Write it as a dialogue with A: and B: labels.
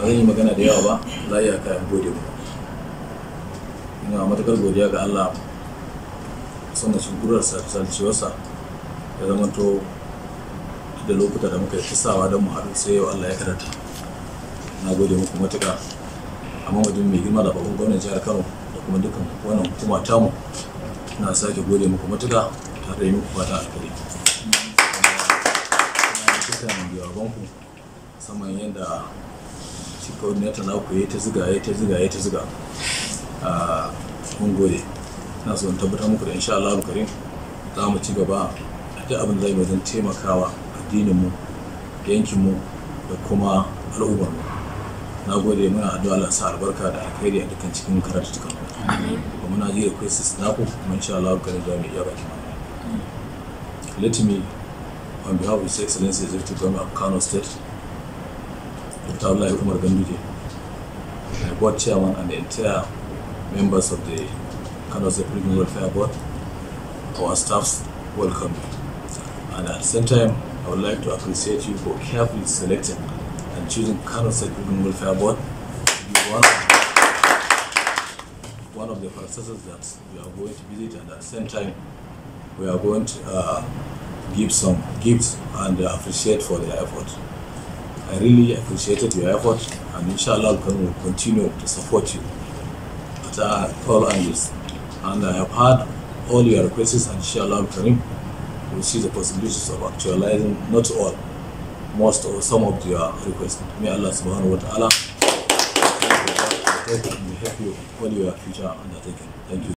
A: ba zan yi magana da yawa ba za a iya kayan gode ba ina matakar godiya ga allah son da gurar salcewarsa ya zama to da lokuta da muka yi kisawa don muhallin sai yau allah ya karanta na gode muku matuka a mamadin mai girma da babban gwamnan jihar kano da kuma dukkan wannan hukuma tamu na sake gode muku matuka tare da yi muku fata alkhairi musamman yadda shi ta na ku ta ziga ya ta ziga ya ta ziga a ah, mun gode na so in tabbatar muku da insha Allah karim za mu ci gaba a abin da mai zan taimakawa addinin mu yankin mu da kuma al'ummar mu na gode muna addu'a Allah sa albarka da alkhairi a dukkan cikin karatutukan mu muna ji da crisis naku kuma insha Allah karim za mu iya baki let me on behalf of His Excellency Executive Governor of Kano State Dr. Umar Ganduje, I board chairman and the entire members of the Kano Welfare Board, our staffs welcome you. And at the same time, I would like to appreciate you for carefully selecting and choosing Kano Welfare Board to be one of, one of the processes that we are going to visit and at the same time, we are going to uh, give some gifts and appreciate for their I really appreciated your effort and inshallah we will continue to support you at uh, all angles. And I have heard all your requests and inshallah we will see the possibilities of actualizing not all, most or some of your requests. May Allah subhanahu wa ta'ala help you all your future undertaking. Thank you.